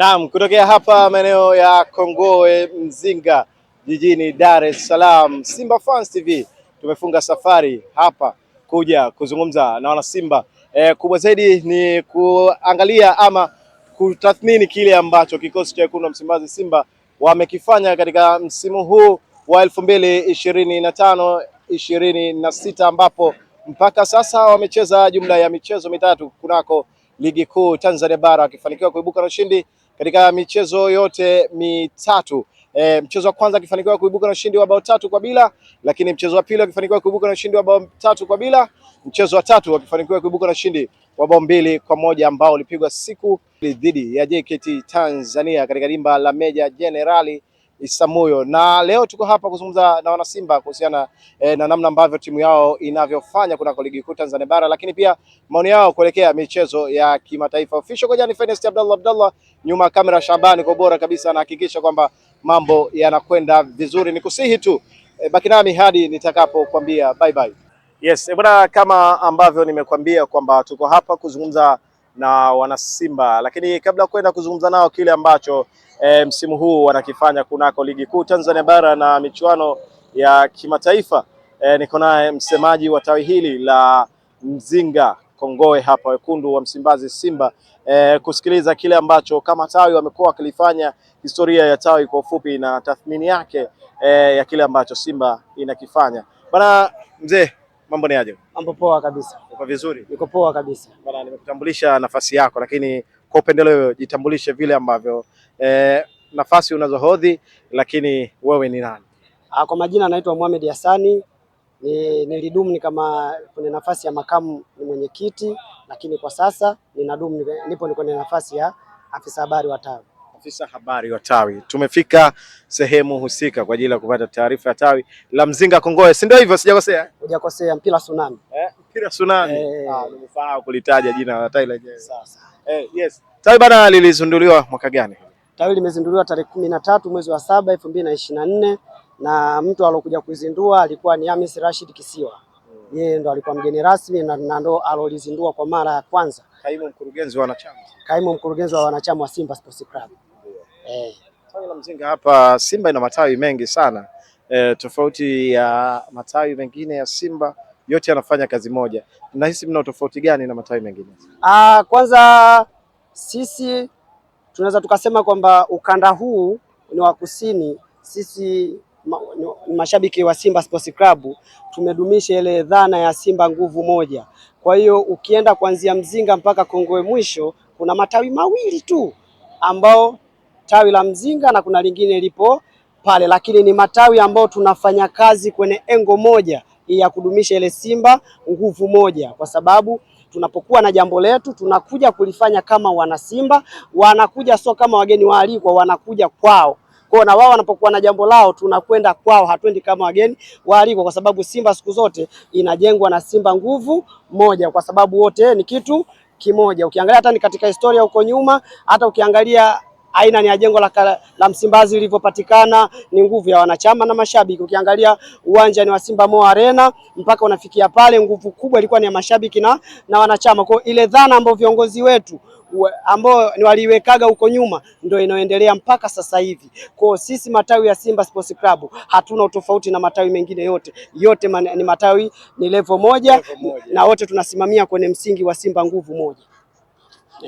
Naam, kutokea hapa maeneo ya Kongowe Mzinga jijini Dar es Salaam, Simba Fans TV tumefunga safari hapa kuja kuzungumza na wanasimba e, kubwa zaidi ni kuangalia ama kutathmini kile ambacho kikosi cha wekundu wa Msimbazi Simba wamekifanya katika msimu huu wa elfu mbili ishirini na tano ishirini na sita ambapo mpaka sasa wamecheza jumla ya michezo mitatu kunako ligi kuu Tanzania bara wakifanikiwa kuibuka na no ushindi katika michezo yote mitatu. E, mchezo wa kwanza akifanikiwa kuibuka na ushindi wa bao tatu kwa bila, lakini mchezo wa pili akifanikiwa kuibuka na ushindi wa bao tatu kwa bila, mchezo wa tatu akifanikiwa kuibuka na ushindi wa bao mbili kwa moja ambao ulipigwa siku dhidi ya JKT Tanzania katika dimba la Meja Jenerali Isamuyo, na leo tuko hapa kuzungumza na wanasimba kuhusiana eh, na namna ambavyo timu yao inavyofanya kunako ligi kuu Tanzania bara, lakini pia maoni yao kuelekea michezo ya kimataifa. Official Jani Fenest Abdallah Abdallah, nyuma kamera Shabani kwa bora kabisa anahakikisha kwamba mambo yanakwenda vizuri. Nikusihi tu eh, baki nami hadi nitakapokuambia bye bye. Yes, eh, bwana, kama ambavyo nimekwambia kwamba tuko hapa kuzungumza na wanasimba. Lakini kabla ya kwenda kuzungumza nao kile ambacho e, msimu huu wanakifanya kunako ligi kuu Tanzania bara na michuano ya kimataifa e, niko naye msemaji wa tawi hili la Mzinga kongoe hapa wekundu wa Msimbazi Simba e, kusikiliza kile ambacho kama tawi wamekuwa wakilifanya, historia ya tawi kwa ufupi na tathmini yake e, ya kile ambacho Simba inakifanya bana mzee Mambo ni aje? Mambo poa kabisa. Uko vizuri? Niko poa kabisa. Bana, nimekutambulisha nafasi yako, lakini kwa upendeleo jitambulishe vile ambavyo e, nafasi unazohodhi, lakini wewe ni nani? Ah, kwa majina naitwa Mohamed Hassani ni nilidumu ni kama kwenye nafasi ya makamu ni mwenyekiti, lakini kwa sasa ninadumu nipo kwenye nafasi ya afisa habari wa tawi. Afisa habari wa tawi, tumefika sehemu husika kwa ajili ya kupata taarifa ya tawi la Mzinga kongoe si ndio? Hivyo sijakosea? Hujakosea. Mpira Tsunami, eh, Mpira Tsunami. Eh, ah, nimefahamu kulitaja jina la tawi lenyewe. Sasa eh, yes, tawi bana lilizinduliwa mwaka gani? Tawi limezinduliwa tarehe kumi na tatu mwezi wa saba elfu mbili na ishirini na nne na mtu alokuja kuizindua alikuwa ni Hamis Rashid Kisiwa hmm. yeye ndo alikuwa mgeni rasmi na ndo alolizindua kwa mara ya kwanza. Kaimu mkurugenzi wa wanachama, kaimu mkurugenzi wa wanachama wa Simba Sports Club. Eh, tawi la Mzinga hapa Simba ina matawi mengi sana e, tofauti ya matawi mengine ya Simba yote yanafanya kazi moja. Nahisi mna tofauti gani na matawi mengine? Ah, kwanza sisi tunaweza tukasema kwamba ukanda huu ni wa kusini, sisi ma, ni mashabiki wa Simba Sports Club tumedumisha ile dhana ya Simba nguvu moja. Kwa hiyo ukienda kuanzia Mzinga mpaka Kongowe mwisho kuna matawi mawili tu ambao tawi la Mzinga na kuna lingine lipo pale, lakini ni matawi ambayo tunafanya kazi kwenye engo moja ya kudumisha ile Simba nguvu moja, kwa sababu tunapokuwa na jambo letu tunakuja kulifanya kama Simba, wanakuja sio kama wageni waalikwa, wanakuja kwao kwao na wao wanapokuwa na jambo lao tunakwenda kwao, hatwendi kama wageni waalikwa, kwa sababu Simba siku zote inajengwa na Simba nguvu moja, kwa sababu wote ni kitu kimoja. Ukiangalia hata ni katika historia huko nyuma, hata ukiangalia aina ni ya jengo la, la Msimbazi lilivyopatikana ni nguvu ya wanachama na mashabiki. Ukiangalia uwanja ni wa Simba Mo Arena mpaka unafikia pale, nguvu kubwa ilikuwa ni ya mashabiki na, na wanachama. Kwa ile dhana ambayo viongozi wetu ambao waliiwekaga huko nyuma ndio inayoendelea mpaka sasa hivi. Kwa sisi matawi ya Simba Sports Club hatuna utofauti na matawi mengine yote, yote man, ni matawi ni level moja, level moja na wote tunasimamia kwenye msingi wa Simba nguvu moja.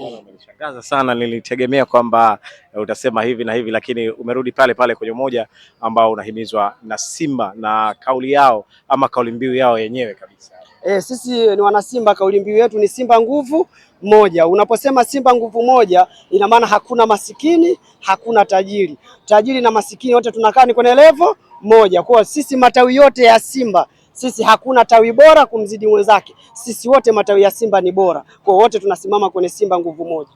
Umenishangaza sana. Nilitegemea kwamba eh, utasema hivi na hivi, lakini umerudi pale pale kwenye umoja ambao unahimizwa na Simba na kauli yao ama kauli mbiu yao yenyewe kabisa. E, sisi ni wanasimba, kauli mbiu yetu ni Simba nguvu moja. Unaposema Simba nguvu moja, ina maana hakuna masikini, hakuna tajiri. Tajiri na masikini wote tunakaa ni kwenye levo moja. Kwa sisi matawi yote ya Simba sisi hakuna tawi bora kumzidi mwenzake, sisi wote matawi ya Simba ni bora, kwa wote tunasimama kwenye Simba nguvu moja.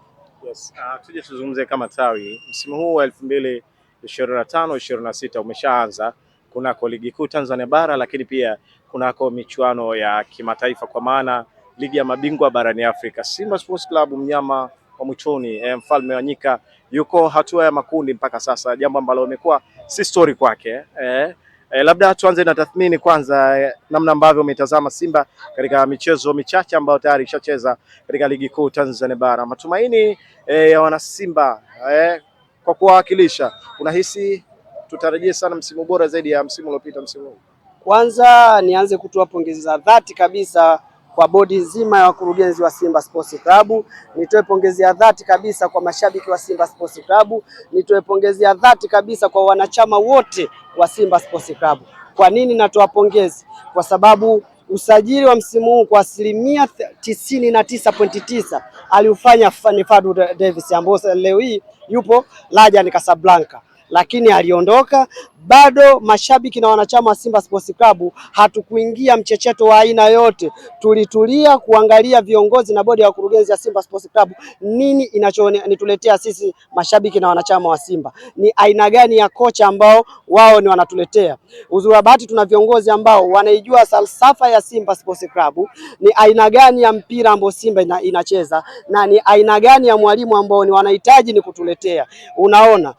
Yes. Uh, tuje tuzungumze kama tawi, msimu huu wa elfu mbili ishirini na tano ishirini na sita umeshaanza kunako ligi kuu Tanzania bara, lakini pia kunako michuano ya kimataifa kwa maana ligi ya mabingwa barani Afrika. Simba Sports Club mnyama wa mwichoni, eh, mfalme wa nyika yuko hatua ya makundi mpaka sasa, jambo ambalo imekuwa si story kwake eh, E, labda tuanze na tathmini kwanza, e, namna ambavyo umetazama Simba katika michezo michache ambayo tayari ishacheza katika ligi kuu Tanzania bara, matumaini e, ya wanasimba e, kwa kuwawakilisha, unahisi tutarajie sana msimu bora zaidi ya msimu uliopita msimu huu? Kwanza nianze kutoa pongezi za dhati kabisa kwa bodi nzima ya wakurugenzi wa Simba Sports Club. Nitoe pongezi ya dhati kabisa kwa mashabiki wa Simba Sports Club. Nitoe pongezi ya dhati kabisa kwa wanachama wote wa Simba Sports Club. Kwa nini natoa pongezi? Kwa sababu usajili wa msimu huu kwa asilimia tisini na tisa pointi tisa aliufanya Fadlu Davis ambaye leo hii yupo Raja ni Casablanca lakini aliondoka. Bado mashabiki na wanachama wa Simba Sports Club hatukuingia mchecheto wa aina yote, tulitulia kuangalia viongozi na bodi ya wakurugenzi ya Simba Sports Club, nini inachonituletea sisi mashabiki na wanachama wa Simba, ni aina gani ya kocha ambao wao ni wanatuletea. Uzuri wa bahati tuna viongozi ambao wanaijua falsafa ya Simba Sports Club, ni aina gani ya mpira ambao Simba ina, inacheza na ni aina gani ya mwalimu ambao ni wanahitaji ni kutuletea. Unaona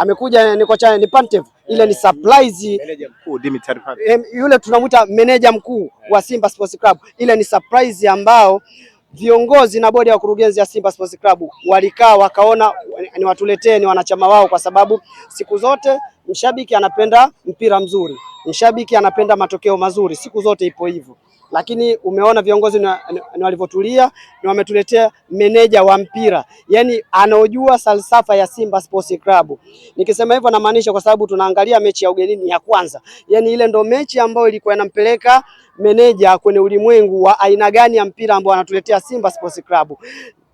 amekuja eh, ni kocha ni Pantev, ile ni surprise. Yule tunamwita meneja mkuu wa Simba Sports Club, ile ni surprise ambao viongozi na bodi ya wakurugenzi ya Simba Sports Club walikaa wakaona ni watuletee ni wanachama wao, kwa sababu siku zote mshabiki anapenda mpira mzuri, mshabiki anapenda matokeo mazuri, siku zote ipo hivyo lakini umeona viongozi ni walivyotulia ni wametuletea meneja wa mpira, yani anaojua falsafa ya Simba Sports Club. Nikisema hivyo namaanisha kwa sababu tunaangalia mechi ya ugenini ya kwanza, yani ile ndo mechi ambayo ilikuwa inampeleka meneja kwenye ulimwengu wa aina gani ya mpira ambao anatuletea Simba Sports Club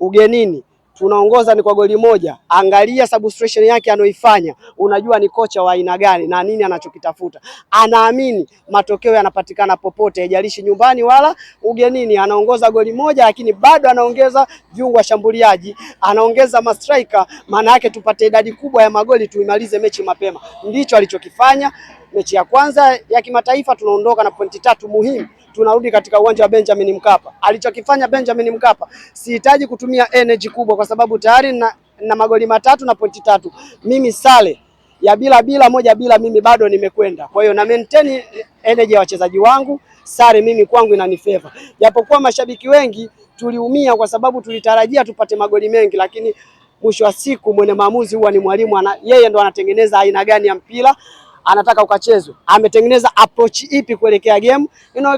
ugenini tunaongoza ni kwa goli moja. Angalia substitution yake anoifanya, unajua ni kocha wa aina gani na nini anachokitafuta. Anaamini matokeo yanapatikana popote, haijalishi nyumbani wala ugenini. Anaongoza goli moja, lakini bado anaongeza viungo washambuliaji, anaongeza mastrika. Maana yake tupate idadi kubwa ya magoli, tuimalize mechi mapema. Ndicho alichokifanya mechi ya kwanza ya kimataifa. Tunaondoka na pointi tatu muhimu tunarudi katika uwanja wa Benjamin Mkapa. Alichokifanya Benjamin Mkapa, sihitaji kutumia energy kubwa, kwa sababu tayari na, na magoli matatu na pointi tatu. Mimi sale ya bila bila moja bila mimi bado nimekwenda. Kwa hiyo na maintain energy ya wachezaji wangu, sare mimi kwangu inanifeva, japokuwa mashabiki wengi tuliumia kwa sababu tulitarajia tupate magoli mengi, lakini mwisho wa siku mwenye maamuzi huwa ni mwalimu ana, yeye ndo anatengeneza aina gani ya mpira anataka ukachezwe, ametengeneza approach ipi kuelekea game you know,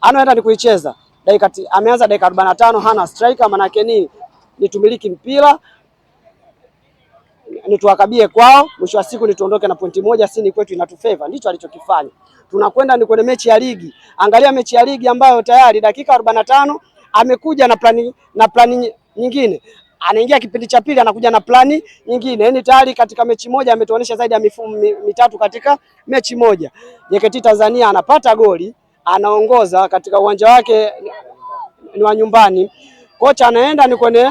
anaenda ni kuicheza dakika, ameanza dakika 45 hana striker, maana yake nini? Nitumiliki mpira nituwakabie kwao, mwisho wa siku nituondoke na pointi moja, si ni kwetu inatufeva. Ndicho alichokifanya. Tunakwenda ni kwenye mechi ya ligi, angalia mechi ya ligi ambayo tayari dakika 45 amekuja na plani na plani nyingine anaingia kipindi cha pili anakuja na plani nyingine. Yaani tayari katika mechi moja ametuonesha zaidi ya mifumo mitatu katika mechi moja. JKT Tanzania anapata goli, anaongoza katika uwanja wake ni wa nyumbani. Kocha anaenda ni kwenye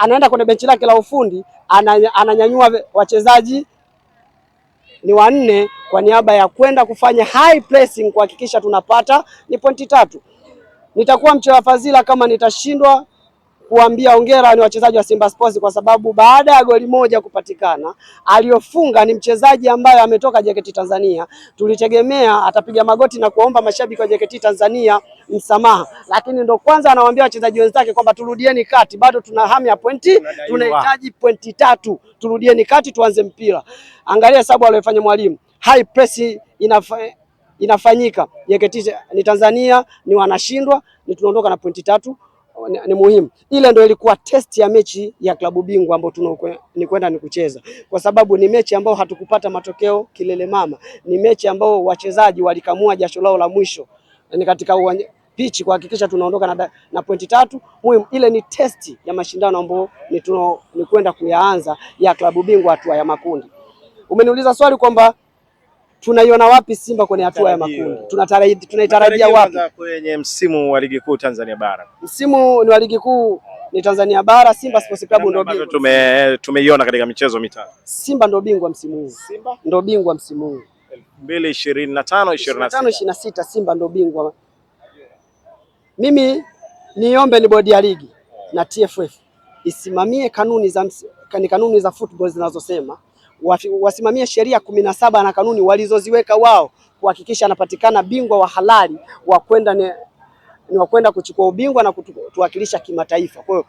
anaenda kwenye benchi lake la ufundi, ananyanyua wachezaji ni wanne kwa niaba ya kwenda kufanya high pressing kuhakikisha tunapata ni pointi tatu. Nitakuwa mchewa fadhila kama nitashindwa kuambia hongera ni wachezaji wa Simba Sports kwa sababu baada ya goli moja kupatikana, aliyofunga ni mchezaji ambaye ametoka JKT Tanzania. Tulitegemea atapiga magoti na kuomba mashabiki wa JKT Tanzania msamaha, lakini ndo kwanza anawaambia wachezaji wenzake kwamba turudieni kati, bado tuna hamu ya pointi, tunahitaji pointi tatu, turudieni kati, tuanze mpira. Angalia sababu aliyofanya mwalimu, high press inafa inafanyika JKT ni Tanzania ni wanashindwa, ni tunaondoka na pointi tatu ni, ni muhimu. Ile ndio ilikuwa test ya mechi ya klabu bingwa ambayo tunakwenda ni kucheza, kwa sababu ni mechi ambayo hatukupata matokeo kilele mama, ni mechi ambayo wachezaji walikamua jasho lao la mwisho ni katika uwanja pichi kuhakikisha tunaondoka na, na pointi tatu muhimu. Ile ni testi ya mashindano ambayo ni kwenda kuyaanza ya klabu bingwa hatua ya makundi. Umeniuliza swali kwamba tunaiona wapi Simba kwenye hatua ya makundi? Tunaitarajia wapi kwenye msimu wa ligi kuu Tanzania bara? Msimu ni wa ligi kuu ni Tanzania bara. Simba yeah, Sports Club ndio bingwa, tume tumeiona katika michezo mitano. Simba ndio bingwa msimu huu, Simba ndio bingwa msimu huu 2025 26, Simba ndio bingwa. Mimi niombe ni bodi ya ligi na TFF isimamie kanuni za, kanuni za football zinazosema wasimamie sheria kumi na saba na kanuni walizoziweka wao kuhakikisha anapatikana bingwa wa halali wa kwenda ni, wa kwenda kuchukua ubingwa na kutuwakilisha kimataifa. Kwa hiyo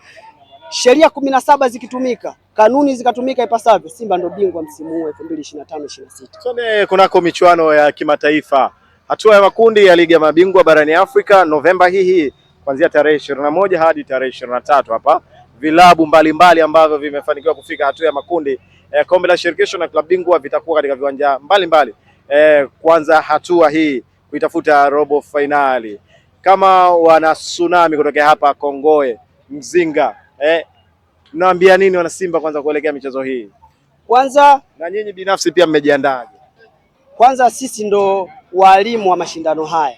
sheria kumi na saba zikitumika kanuni zikatumika ipasavyo, Simba ndio bingwa msimu huu 2025 26. Twende kunako michuano ya kimataifa hatua ya makundi ya ligi ya mabingwa barani Afrika Novemba hii hii kuanzia tarehe ishirini na moja hadi tarehe ishirini na tatu hapa vilabu mbalimbali ambavyo vimefanikiwa kufika hatua ya makundi eh, kombe la shirikisho na klabu bingwa vitakuwa katika viwanja mbalimbali eh, kwanza hatua hii kuitafuta robo fainali kama wana tsunami kutokea hapa Kongoe Mzinga eh, naambia nini wana Simba kwanza kuelekea michezo hii kwanza, na nyinyi binafsi pia mmejiandaje? Kwanza sisi ndo walimu wa mashindano haya,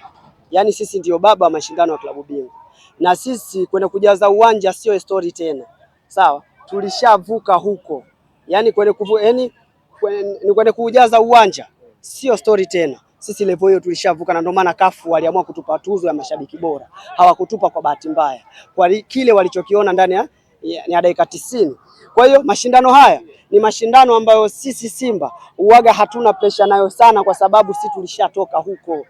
yaani sisi ndio baba wa mashindano ya klabu bingwa, na sisi kwenda kujaza uwanja sio story tena, sawa. Tulishavuka huko, yani kwenye kufu, yani kwenye kuujaza uwanja sio stori tena. Sisi lepo hiyo tulishavuka, na ndio maana kafu waliamua kutupa tuzo ya mashabiki bora. Hawakutupa kwa bahati mbaya, kwa kile walichokiona ndani ya ni dakika tisini. Kwa hiyo mashindano haya ni mashindano ambayo sisi Simba uwaga hatuna presha nayo sana, kwa sababu sisi tulishatoka huko.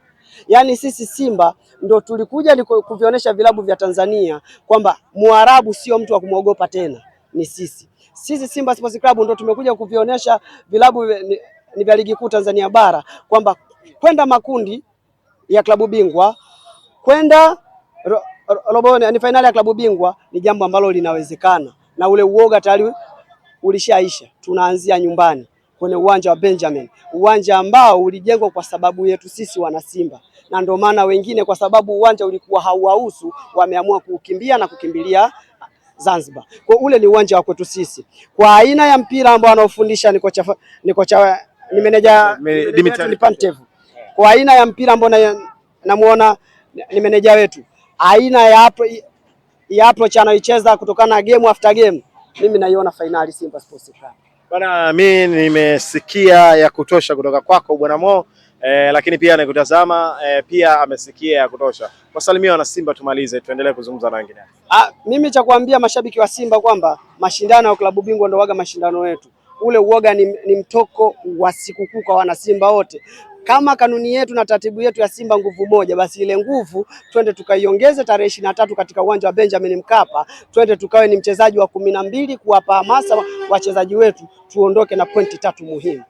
Yaani sisi Simba ndo tulikuja ni kuvionyesha vilabu vya Tanzania kwamba Mwarabu sio mtu wa kumwogopa tena, ni sisi. Sisi Simba Sports Club ndio tumekuja kuvionyesha vilabu ni, ni vya ligi kuu Tanzania bara kwamba kwenda makundi ya klabu bingwa kwenda ro, ro, robo ni fainali ya klabu bingwa ni jambo ambalo linawezekana, na ule uoga tayari ulishaisha. Tunaanzia nyumbani kwenye uwanja wa Benjamin, uwanja ambao ulijengwa kwa sababu yetu sisi wanasimba, na ndio maana wengine, kwa sababu uwanja ulikuwa hauwahusu, wameamua kukimbia na kukimbilia Zanzibar. Kwa ule ni uwanja wa kwetu sisi. Kwa aina ya mpira ambao anaofundisha ni kocha ni kocha ni meneja Dimitri Pantev. Kwa aina ya mpira ambao namuona ni meneja wetu, aina ya ya approach anaoicheza kutokana na game after game, mimi naiona finali Simba Sports Club. Bwana, mimi nimesikia ya kutosha kutoka kwako Bwana Mo e, lakini pia anakutazama e, eh, pia amesikia ya kutosha. Wasalimia wana Simba, tumalize tuendelee kuzungumza na wengine. Ah, mimi cha kuambia mashabiki wa Simba kwamba mashindano ya klabu bingwa ndio waga mashindano yetu, ule uoga ni, ni mtoko wa sikukuu kwa wana Simba wote kama kanuni yetu na taratibu yetu ya Simba nguvu moja, basi ile nguvu twende tukaiongeze tarehe ishirini na tatu katika uwanja wa Benjamin Mkapa, twende tukawe ni mchezaji wa kumi na mbili kuwapa hamasa wachezaji wetu, tuondoke na pointi tatu muhimu.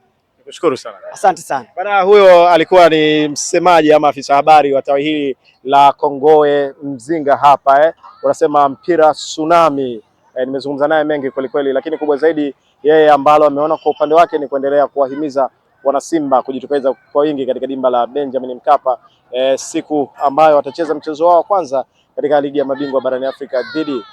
Nikushukuru sana. Asante sana. Bana, huyo alikuwa ni msemaji ama afisa habari wa tawi hili la Kongowe Mzinga hapa eh. Unasema mpira tsunami eh, nimezungumza naye mengi kweli kweli, lakini kubwa zaidi yeye ambalo ameona kwa upande wake ni kuendelea kuwahimiza wanasimba kujitokeza kwa wingi katika dimba la Benjamin Mkapa eh, siku ambayo watacheza mchezo wao wa kwanza katika ligi ya mabingwa barani Afrika dhidi